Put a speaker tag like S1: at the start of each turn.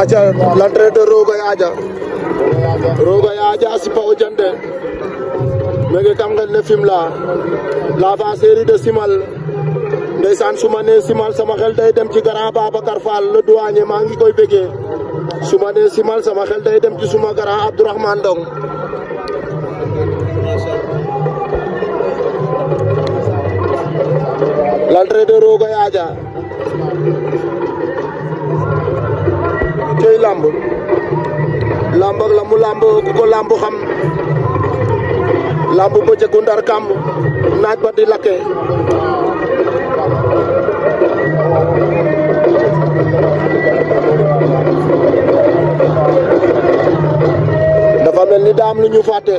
S1: aca l'entrée de Rogaye Aja Rogaye Aja a sipa kam xel ne Fimela la fa série de Simal ndeysaan suma ne Simal sama xel day dem ci grand Babacar Fall le douanier maa ngi koy bëggee suma ne Simal sama xel day dem ci suma grand Abdourahmane Ndong l'entrée de làmb làmb ak la mu ko làmb xam làmb bëccëgu ndar kàmb naaj ba di lakke
S2: dafa mel ni daam lu ñu fàtte